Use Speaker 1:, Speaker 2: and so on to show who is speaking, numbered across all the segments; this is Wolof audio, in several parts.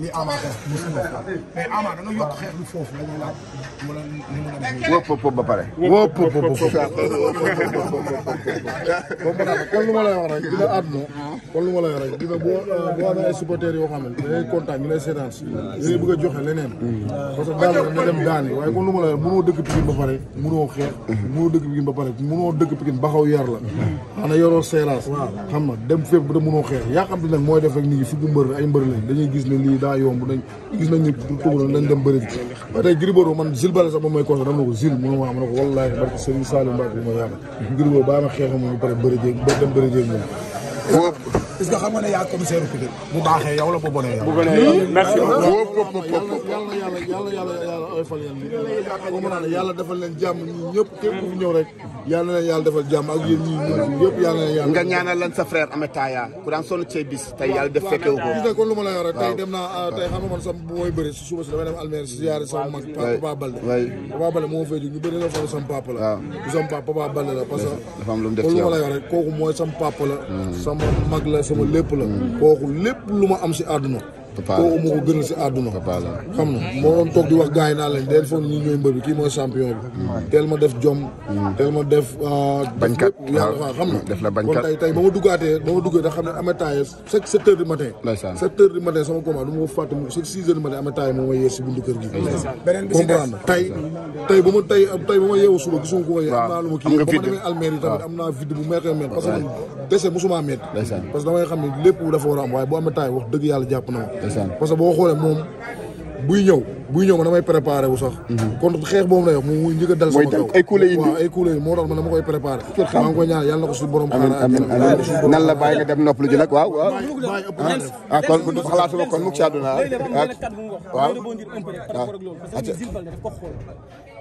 Speaker 1: lii Ama xeex mosuma ko mais Ama da nga yokk xeex bi foofu la ñu laaj mu ne wóop pop ba pare. wóop pop pop kon lu ma lay wax rek dina àdduna kon lu ma lay wax rek dina boo boo amee ay supporters yoo xam ne dañuy kontaan ñu lay seetaan dañuy bëgg a joxe leneen. parce que daal na dem daani waaye kon lu ma lay wax mënoo dëkk Pikine ba pare mënoo xeex. mënoo dëkk Pikine ba pare mënoo dëkk Pikine ba xaw yar la. ana yoroo seeraas. xam na dem fépp da mënoo xeex yaa xam ne nag mooy def rek nit ñi fi mu mbër ay mbër lañ dañuy gis ne lii daa yomb nañ gis nañ ni tugg nañ dem ba man Zil Balla sax moom mooy conseil dama ko Zil mënu ma ma ne ko wallaahi barke Serigne Saliou Mbacke ma yàlla Gris Bordeaux baa ma xeex moom ba a bëri jéeg ba dem bëri jéeg parce que xam nga ne yaa commissaire Pikine bu baaxee yow la bu bonee yow. bu bonee yow merci beaucoup. yàlla yàlla yàlla yàlla yàlla oyofal yàlla. yàlla defal leen jàmm ñun ñëpp képp ku ñëw rek. yàlla na leen yàlla defal jàmm ak yéen ñi ñu yëpp yàlla na leen yàlla. nga ñaanal leen sa frère Ametaya ku daan sonn cee bis tey yàlla def fekke wu ko. gis nga kon lu ma la yor rek tey dem naa tey xam nga man sama bu may bëri si suba si damay dem Almere si ziare sama mag. Papa Balde. Papa Balde moo fay jóg ñu bëri la foofu sama papa la. waaw sama papa Balde la parce que. dafa am lu mu def ci yow kon lu ma la yor rek kooku mooy sama papa la. sama mag la sama lépp la. Mm-hmm. kooku lépp lu ma am si àdduna kooku moo ko gënal si àdduna xam na moo doon toog di wax gars yi naan leen del foog ñi ñooy mbër bi kii mooy champion bi mm. teel ma def jom mm. teel ma def euh, bañkat yàlla xam na def la bañkat kon tey tey ba ma duggaatee ba ma duggee ne amee taaye chaque sept heures du matin ma fàtte mu chaque six heures du matin amee taaye moo ma yee si buntu kër tey tey ba ma tey tey ba ma yeewu suba gisuma ko am naa ma kii ba ma demee almeer yi tamit am naa vide bu mettee mett parce que dese mosuma mett parce que damay xam ne lépp dafa war a am waaye boo amee wax dëgg yàlla jàpp na ma parce que boo xoolee moom buy ñëw buy ñëw man damay préparé wu sax. Mhm. kon xeex boobu lay wax mu muy a dal sama kaw. ay kuule yi ay kuule yi moo tax man dama koy préparé. maa ngi ñaan yàlla na ko suñu borom. amiin amiin nan la bàyyi nga dem noppalu ji nag waaw waaw. ah kon xalaatuma kon mukk ci àdduna ah. waaw waaw.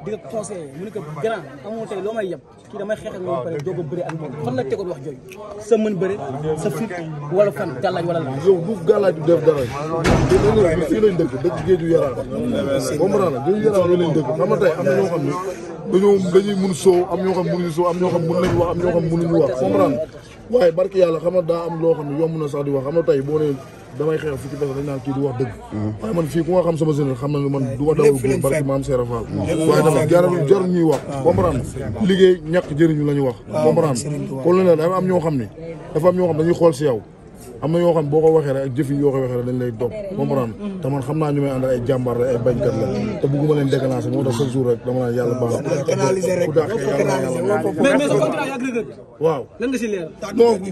Speaker 2: di ko conseillé
Speaker 1: mu ne a grand amoo tey loo may yeb kii damay xeex ak moom pare a bëri ak moom fan la tegoon wax jooju sa mën bëri sa fit wala fan gàllaaj wala la yow du gàllaaj du def dara dé fii lañ dëkk dëkk géeju yaraan comprendre na géeju yaraan loolu lañ dëkk xam nga tey am na ñoo xam ne dañoo dañuy mun soow am ñoo xam mën nañu wax am ñoo am loo boo damay xeex fii ci bés dañ naan kii du wax dëgg. waaye man fii ku nga xam sama général xam na ne man du ma dawal góor barki maam Seera Fall. waaye dama jarul jarul ñuy wax. comprendre liggéey ñàkk jëriñu la ñu wax. comprendre kon la am ñoo xam ne dafa am ñoo xam dañuy xool si yow am na yoo xam boo ko waxee rek ak jëf yi yoo ko waxee rek dañ lay topp comprendre mm-hmm. ay jàmbaar la ay bañkat la te bëgguma leen déclencher moo tax chaque jour rek dama naan yàlla baax ku dàq yàlla waaw lan nga si leer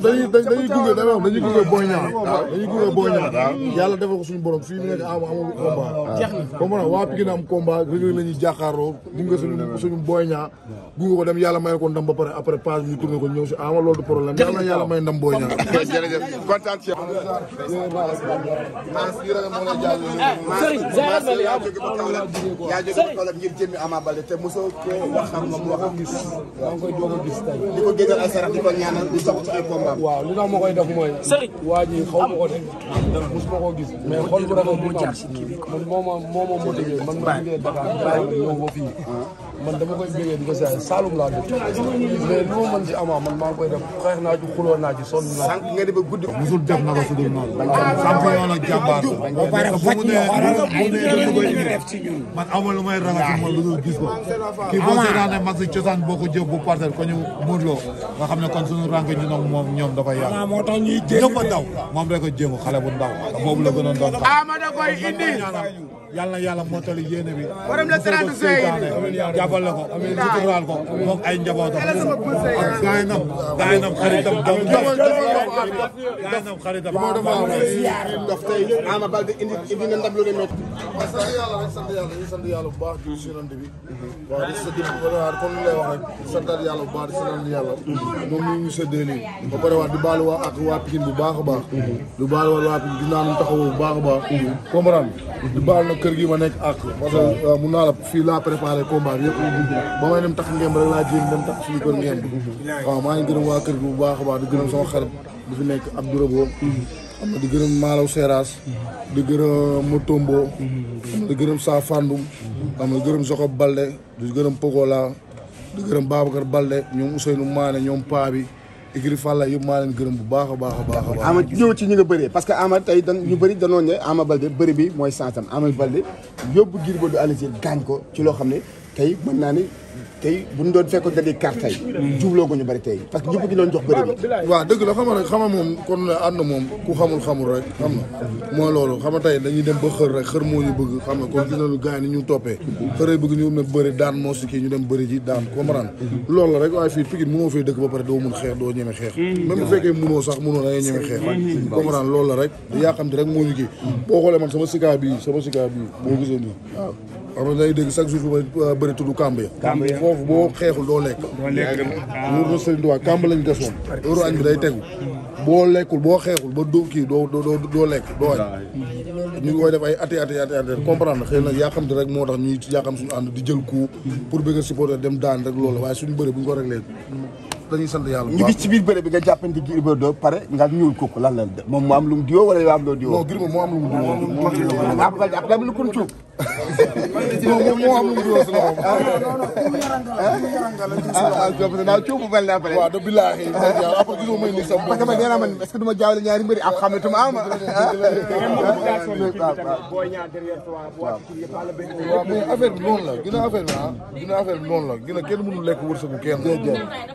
Speaker 1: dañuy dañuy gunge da wax dañuy gunge booy ñaar dañuy gunge booy ñaar yàlla ko suñu borom fii mu nekk am amul combat ah. comprendre waa Pikine am combat rëg la ñuy jàkkaarloo gunge suñu suñu booy ñaar gunge ko dem yàlla may ko ndam ba pare après page ñu tourné ko ñëw si ama ah, loolu du problème yàlla may ndam booy ñaar ak Cheikh. maanaam fii rek moo lay jàll. Serigne Zahra Bale yaa jóge ba Kaolack yaa jóge ba Kaolack ngir jëmmi Ama Baldé te mosoo koo wax xam nga mu wax. maa ngi koy doog a gis tey. di ko génneel ay sarax di ko ñaanal di sox ci ay combat. waaw li tax ma koy def mooy. Serigne waa ji xaw ma ko de. ndax mosuma koo gis. mais xol bu rafet bi ma am man moo ma moo ma motivé man ma jógee Dakar ñëw ba fii. Ah. man dama koy bégee di ko siyaare Saalum laa dëkk mais ma mën si amaa man maa def xeex naa ci xuloo naa ci sonn naa sànq nga ne ba guddi musul def naka su dul noonu champion la jàmbaar bu mu man amul lu may ragal ci moom gis ko kii boo seetaanee mag si cosaan boo ko jëf bu parcelle ko ñu nga xam ne kon suñu rànk ñu nag moom ñoom dafa yàgg moo tax ñuy jéem a daw moom rek a jéngu xale bu ndaw boobu la gënoon doon ama da koy indi yàlla na yàlla mottali yéene bi jàppale ko amiin suturaal ko moom ay njabootam ak gaynam gaynam xaritam doom gaynam xaritam daf tey Ama Baldé indi indi na ndam lu ne métti waaw sant yàlla rek sant yàlla ñu sant yàlla bu baax jub sinante bi waaw di sa dib barawaat comme ni lay wax rek santaat yàlla bu baax di sant yàlla moom ñu ñu séddee nii ba pare waat di baalu waa ak waa Pikine bu baax a baax di baalu waa waa Pikine di naanum taxawoo bu baax a baax comprendre di baalu na kër gi ma nekk ak parce que euh, mun naa la fii laa préparé combat bi yëpp ba may dem tax ngemb rek laa jéem dem tax suñu kër ngemb waaw maa ngi gërëm waa kër gi bu baax a baax di gërëm sama xarit bi fi nekk Abdou Rabo xam na di gërëm Malaw Seras di gërëm Motombo xam gërëm Sa Fandum xam na di gërëm Jokob Balde di gërëm Pogola di gërëm Babacar Balde ñoom Ousseynou Mané ñoom paa bi écrit Falla yëpp maa leen gërëm bu baax a baax a baax a baax Ama ñëw ci ñi nga bëree parce que Ama tey dan ñu bëri danoon ne Ama Balde bëri bi mooy santam Ama Balde yóbbu Gris Bordeaux Algérie gaañ ci loo xam ne ay man naa ni tey bu ñu doon fekkoon da di carte tey jubloo ko ñu bari tey parce que ñëpp ñu doon jox bëri bi waaw dëgg la xam nga rek xam nga moom kon ne ànd moom ku xamul xamul rek xam na mooy loolu xam nga tey dañuy dem ba xër rek xër moo ñu bëgg xam nga kon gis nañu gars yi ni ñu toppee xëree bëgg ñu ne bëri daan moo si kii ñu dem bëri ji daan comprendre loolu la rek waaye fii Pikine mënoo fay dëkk ba pare doo mun xeex doo ñeme xeex même bu fekkee mënoo sax mënoo da ngay ñeme xeex comprendre loolu la rek yaaxamte rek moo ñu kii boo xoolee man sama sika bii sama sika bii boo gisee nii waaw xam nga day dégg chaque jour fi ma euh, bëri tudd kàmb ya mais foofu boo xeexul doo lekk. doo lekk waaw wóor na waa kàmb lañ des moom. heure añ bi day tegu. boo lekkul boo xeexul ba doo kii doo doo doo lekk doo añ. Hmm. ñu ngi koy def ay ati ati ati ati comprendre xëy na yaa xam te rek moo tax ñuy yaaxam suñu ànd di jël coup. pour bëgg a supporter dem daan rek loolu waaye suñu bëri bu ñu ko réglé dañuy sant yàlla ñu ngi ci biir bëre bi nga jàppante Gris Bordeaux pare nga ñuul kooku lan la moom mu am lu mu diwoo wala yow am loo diwoo. non Gris moom moo am lu mu diwoo. moom moo am lu mu diwoo. moom moo amul lu si loxo. ah non non ah, ah, mel ne après. waaw de billahi. Ah, après gisoo du ma jaawale ñaari mbir am xam ne tu ma am.
Speaker 2: bi noonu la ginnaaw affaire bi ah.
Speaker 1: ginnaaw affaire bi noonu la ginnaaw kenn mënul lekk wërsëgu kenn.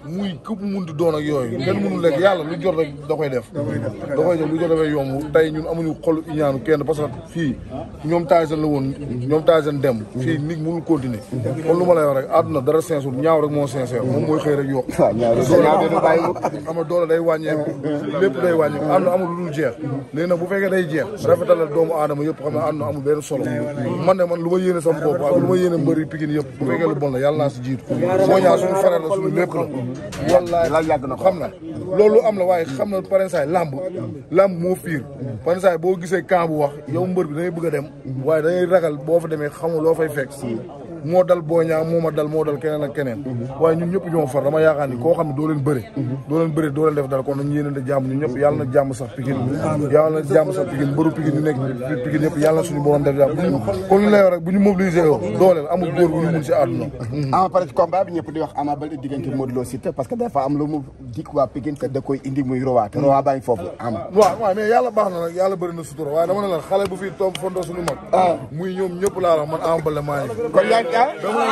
Speaker 1: muy képp mu munti yooyu. kenn mënul lekk yàlla lu jot rek da koy def. da def lu jot dafay yomb tey ñun amuñu xolu ñaanu kenn parce fii ñoom Tyson la woon ñoom Tyson dem mhm. fii nit mënul continuer kon lu ma lay wax rek àdduna dara sincère ñaaw rek moo sincère moom mooy xëy rek yokk ama doole day wàññeeku lépp day wàññeeku àdduna amul lu dul jeex léegi nag bu fekkee day jeex rafetalal doomu aadama yëpp xam ne àdduna amul benn solo man ne man lu ma yéene sama bopp ak lu ma yéene mbëri Pikine yëpp bu fekkee lu bon la yàlla naa si jiitu moo ñaa suñu frère la suñu lépp la wallaay xam na loolu am la waaye xam na parensaay làmb làmb moo fiir parensaay boo gisee camp bu wax yow mbër bi dangay bëgg a dem waaye dangay ragal boo fa demee xamul loo fay fekk. moo dal Boy Niang dal moo dal keneen ak keneen waaye ñun ñëpp ñoo far dama yaakaar koo xam ne bëre doo bëre doo def dal kon nañu yéenante di wax am waa Pikine te baax na nag yàlla bëri na sutura waaye dama ne la xale bu fii toom fondo suñu mag ah. muy ñoom ñëpp laa wax man Ama Baldé maa Eumeu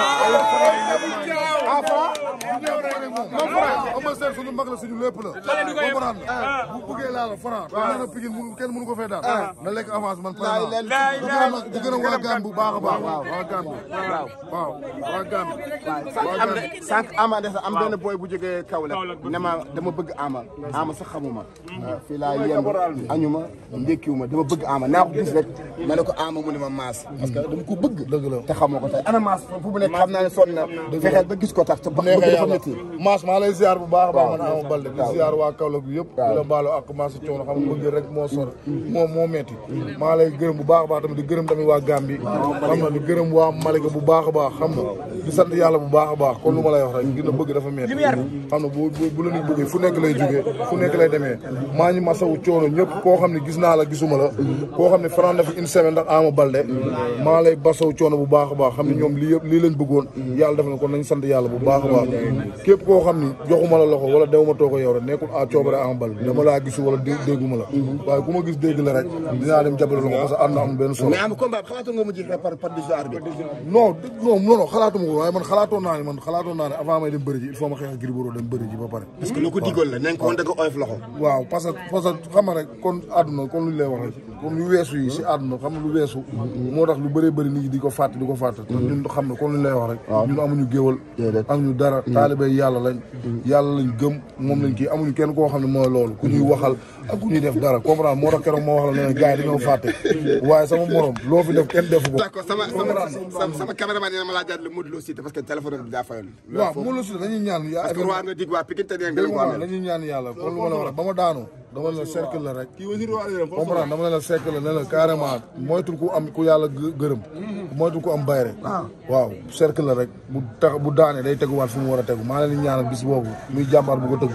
Speaker 1: Sène suñu mag la suñu lépp la comprendre ah. la bu bëggee laal Franc da na Pikine mënu kenn mënu ko fee daal ah. na lekk avance man pare naa di gën a waa gaan bu baax a baax waa gaan bu waaw waa gaan bu sànq ama de sax am benn boy bu jógee Kaolack ne ma dama bëgg ama ama sax xamuma hmm. ah, fii laa yem añuma ndékkiwuma dama bëgg ama naa ko gis rek ma ne ko ama mu ne ma maas parce que dama ko bëgg te xamoo ko tey ana maas fu mu nekk xam naa ne sonn na fexeel ba gis ko tax te ba maa lay ziar bu baax a baax di ziar waa Kaolack bi yëpp di la maa lay baax a baax tamit di gërëm tamit waa bu baax a baax xam nga di a ma lay wax rek gën a bëgg nekk lay jógee fu nekk lay demee maa ngi masawu coono koo xam ne gis naa la gisuma la koo xam ne faran na une semaine ndax Ama Baldé maa lay basaw coono bu baax a baax xam ne ñoom ñoom lii lañ bëggoon mm-hmm. yàlla def na kon nañ sant yàlla bu baax a mm-hmm. Mm-hmm. képp koo xam ni joxuma la loxo wala dew ma toog rek nekkul à coobare Ama Baldé dama benn solo mais xalaatuma ko waaye man xalaatoon naa man xalaatoon naa avant may dem bëri il faut ma xeex Gris Bordeaux dem bëri ba pare parce que lu ko digoon la nañ ko oyof loxo waaw parce que parce que xam rek kon àdduna kon luñ lay wax rek weesu yi si àdduna xam lu weesu moo tax ñun xam ne ko lu lay wax rek ñun amuñu géwal amuñu dara mm. taalibe yàlla lañ mm. yàlla lañ gëm moom lañ kii amuñu kenn koo xam ne mooy loolu ku ñuy mm. waxal ak ku def dara comprendre moo tax keroog moo wax la loo fi def kenn defu ko que téléphone bi daa fayoon waaw Modou Lo aussi dañuy ñaan parce que waa nga dig waa Pikine ñaan yàlla kon lu ma la wax ba ma dama la cercle la rek comprendre dama la cercle ne la carrément moytul ku am ku yàlla gërëm moytu ko am bayre ah. waaw cercle la rek bu tax bu daanee day teguwaat fu mu war a tegu maa leen di ñaanal bis boobu muy jàmbaar bu ko tëgg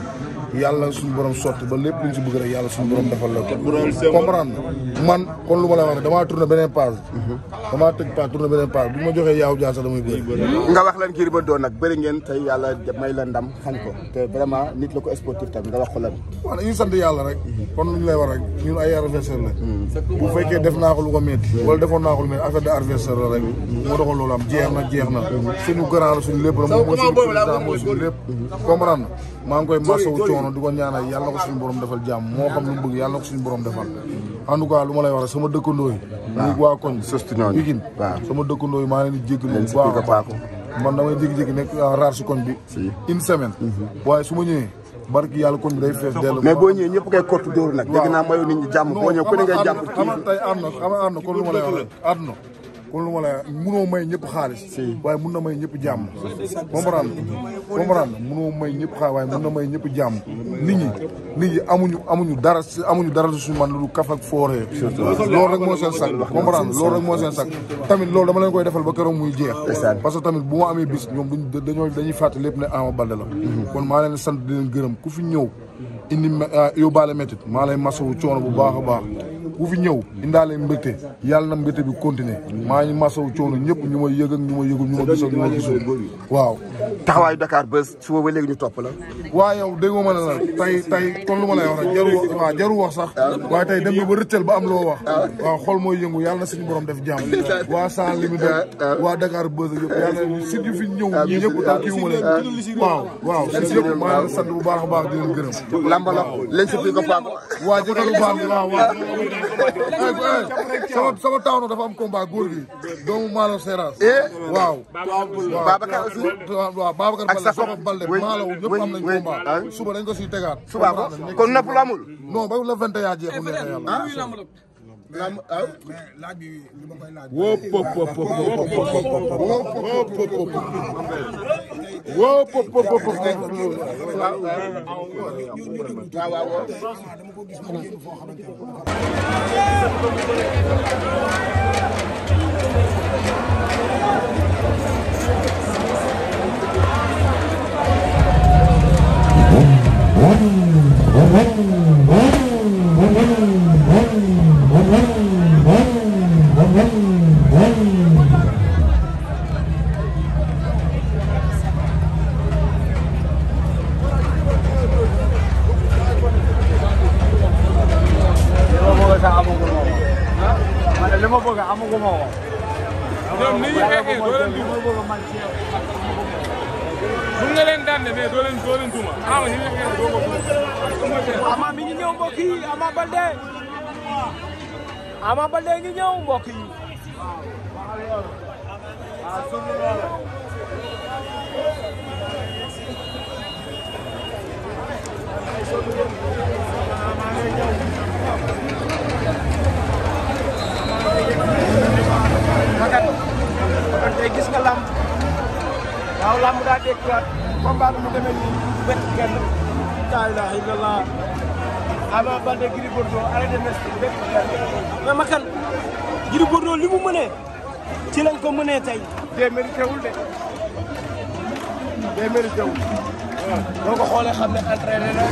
Speaker 1: yàlla suñu borom sotti ba lépp luñ si bëgg rek yàlla suñu borom defal la ko comprendre man kon lu ma lay wax ne damaa tourné beneen page mhm. damaa tëj page tourné beneen page bu ma joxee yaaw jaar sax damay bëri mhm. nga wax leen Gris Bordeaux nag bëri ngeen tey yàlla may la ndam xañ ko te vraiment nit la ko sportif tam nga wax ko lan waaw dañuy sant yàlla rek mhm. kon lu ñu lay rek ñun ay adversaire la bu fekkee def naa ko ko métti wala defoon naa ko lu métti de adversaire la rek moo na jeex na maa ngi koy masawu coono di ko ñaanal yàlla ko suñu borom defal jàmm moo xam lu mu bëgg yàlla ko suñu borom defal en tout cas lu ma lay wax rek sama dëkkandoo yi ñu waa koñ Pikine sama dëkkandoo yi maa leen di jéggal bu baax man damay jékki-jékki nekk raar si koñ bi une semaine mhm. waaye su ma ñëwee barki yàlla koñ bi day fees dellu mais boo ñëwee ñëpp koy kottu dóor nag dégg naa mayo nit ñi jàmm boo ñëwee ku ne ngay jàpp kii am na am na kon lu ma lay wax kon lu ma la munoo may ñëpp xaalis waaye mun na may ñëpp jàmm comprendre comprendre munoo may ñëpp xaalis waaye mun na may ñëpp jàmm nit ñi nit ñi amuñu amuñu dara amuñu dara suñu man lu kaf ak fooree loolu rek moo seen sac comprendre loolu rek moo seen sac tamit loolu dama leen koy defal ba keroog muy jeex parce que tamit bu ma amee bis ñoom duñ dañoo dañuy fàtte lépp ne Ama Baldé la mhm. kon maa leen sant di leen gërëm ku fi ñëw indi ah, yóbbaale métit maa lay masawu coono bu baax baax ku fi ñëw indaale mbégte yàlla na mbégte bi continuer maa ngi masawu coono ñëpp ñu ma yëg ak ñu ma yëgul ñu ma gisul ñu ma gisul waaw taxawaayu Dakar Buzz suba ñu topp la waa yow ma ne la tey tey kon ma lay wax rek jaru waaw jaru wax sax waaye tey dem nga ba rëccal ba am loo wax waaw xol mooy yëngu yàlla na suñu borom def jàmm waa sans limite waa Dakar Buzz a yàlla a ñu fi ñëw ñi ñëpp tax kii ma leen waaw waaw si a baax di la leen si ko faako waa jëkkëru sama sama dafa am combat góor gi doomu Maalo Seras. Eh? waaw. Babacar aussi waaw Babacar Balde Sokka Balde Maalo ñëpp am nañu combat. Ah. suba dañ ko siy tegaat. suba ko kon napp la amul. non ba le 21 jeexul neexee yàlla. Eh, la laaj bi li ma koy laaj. wóop pop pop pop wóop pop pop pop wóop pop pop pop wóop pop pop pop
Speaker 2: waaw waaw waaw. Ama Baldé Ama Baldé ngi ñëw mbokk yi gis nga làmb waaw làmb daa dégg waat combat mu demee nii wet kenn laa ilaaha illallaah Ama Baldé Gris Bordeaux arrêté na si bépp mais Makan Gris Bordeaux li mu mënee ci lañ ko mënee tey. day mérité wul de day mérité wul waaw boo ko xoolee xam ne entraîné na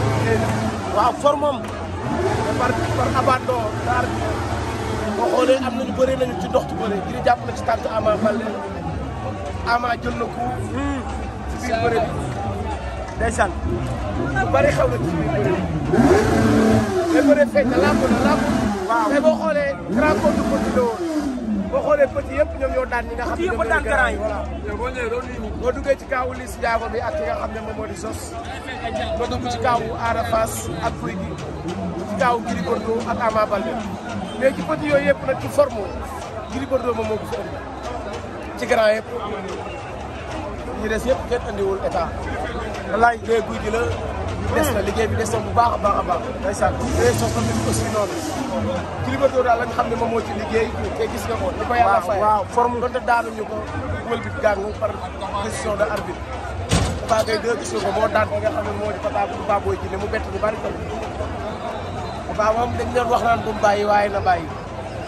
Speaker 2: waaw forme am par par abandon daal am nañu bëri nañu ci dox ci bëri Gris jàpp na ci tànk Ama Baldé Ama jël na ko. Hmm. ci biir bëri bi. ndeysaan bu bëri xaw na ci biir bëri feeñ na làmb na làmb waaw mais boo xoolee grand compte petit la woon boo xoolee petit yëpp ñoom ñoo daan ñi nga xam ne ñoom daan grand yi voilà boo duggee ci kaawu Liss Ndiago bi ak ki nga xam ne moom moo di sos nga dugg ci kaawu Ada Fass ak Gouye Gui ci kaawu Gris Bordeaux ak Ama Baldé mais ci petit yooyu yëpp nag ci forme Gris Bordeaux moom moo ko fi indi ci grand yëpp ñi des yëpp kenn andiwul état wallaay bee guy gi la des na liggéey bi des na bu baax a baax a baax ndeysaan bee sos na tamit aussi noonu Climato daal la nga xam ne moom moo ci liggéey te gis nga ko ni ko yàlla fay forme donte daanuñu ko wël bi gàngu par décision de arbitre Papa Gueye deux gis nga ko moo daan bi nga xam mu bett ñu bari tamit Papa moom dañ doon wax naan bu mu bàyyi waaye na bàyyi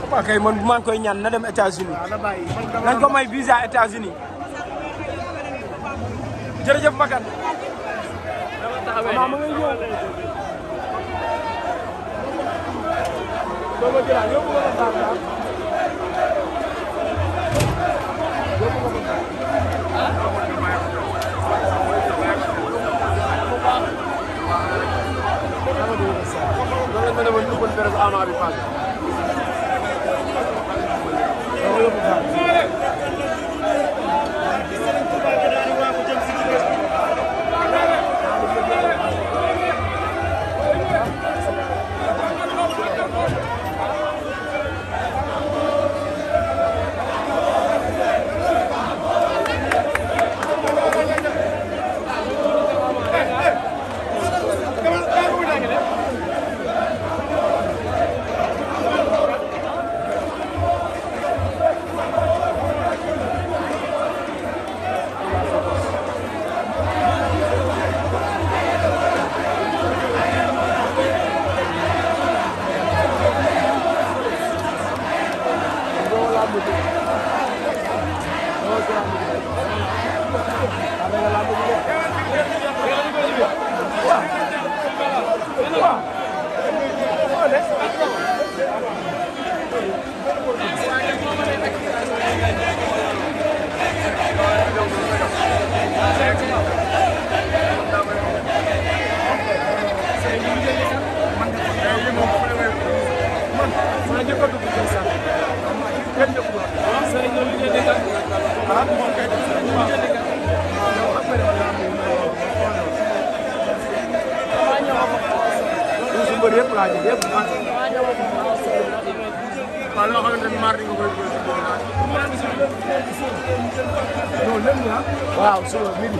Speaker 2: Papa Gueye man maa ngi koy ñaan na dem États-Unis nañ ko may visa États-Unis jërëjëf Makan Ama bi pass. waaw loo xamante ni mardi nga koy waaw solo midi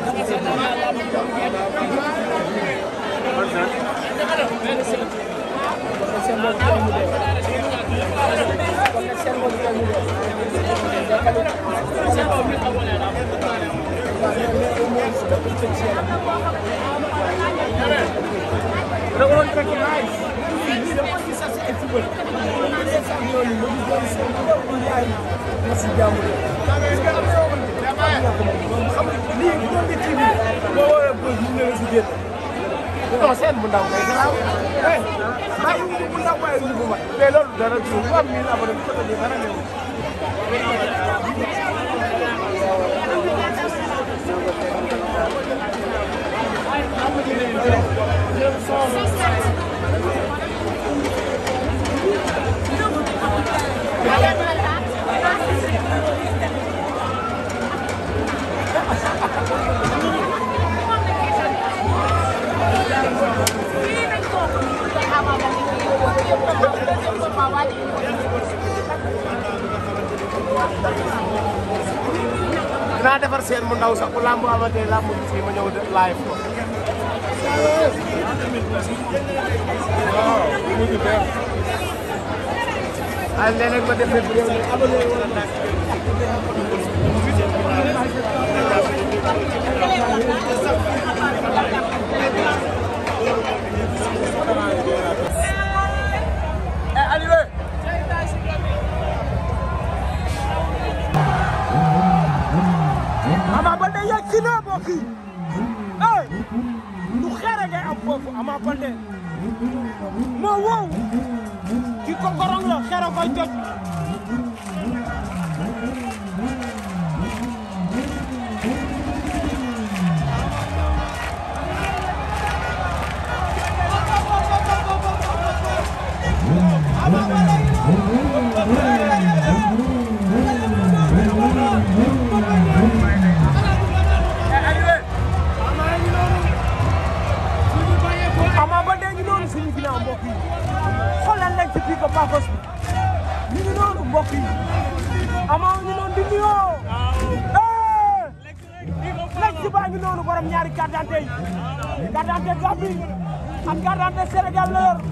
Speaker 2: Let's go. xam nga lii bu doon def ci biir boo waree bëgg ñu ne la si génn. non seen bu ndaw kay garaaw. eh ndax bu ndaw waaye ñu ko mat. mais loolu dara du ko am mille abonné bi côté bi dara ñëw. Thank you. dinaa defar seen mu ndaw sax bu làmb amatee làmb bi fii ma ñëw def live ko. waaw. waaye léeg-léeg ma def lépp yow de abonné wala nag. Thank you. dina bokk yi lu xeere ngay am foofu Ama Baldé moo wow ki ko la xeere koy jot Ama Baldé fii ko Pafos bi ñu ngi noonu mbokk yi amaa ñu noonu di nuyoo lekk baa ngi noonu borom ñaari carte d'identité yi carte d'identité Gambie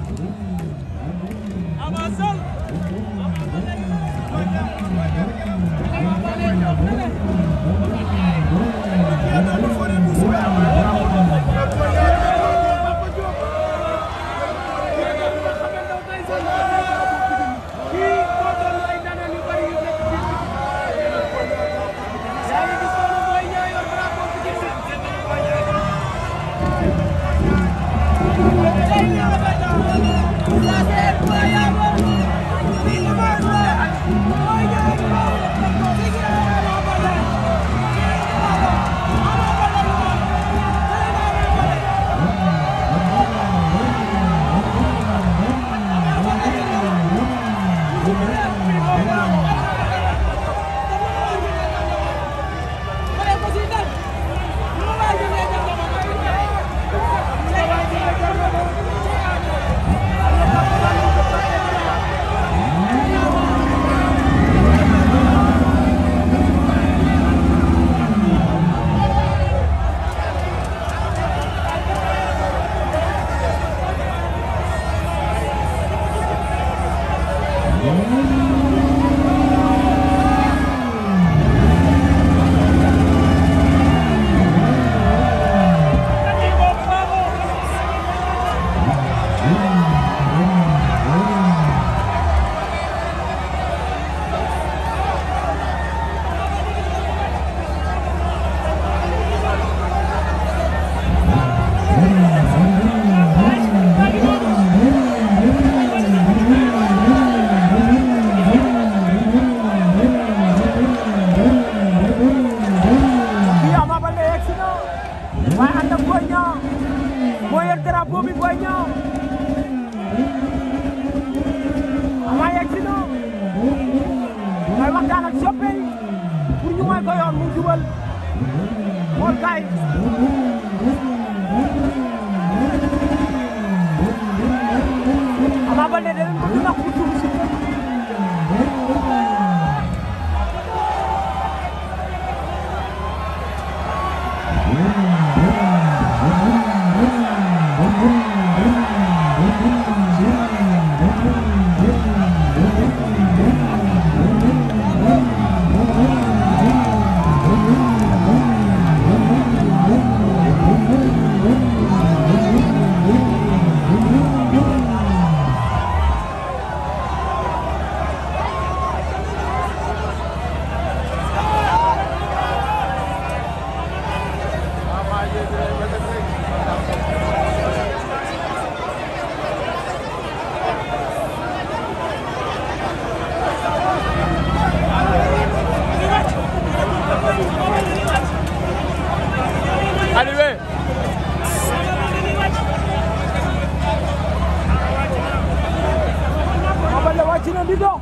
Speaker 2: di dox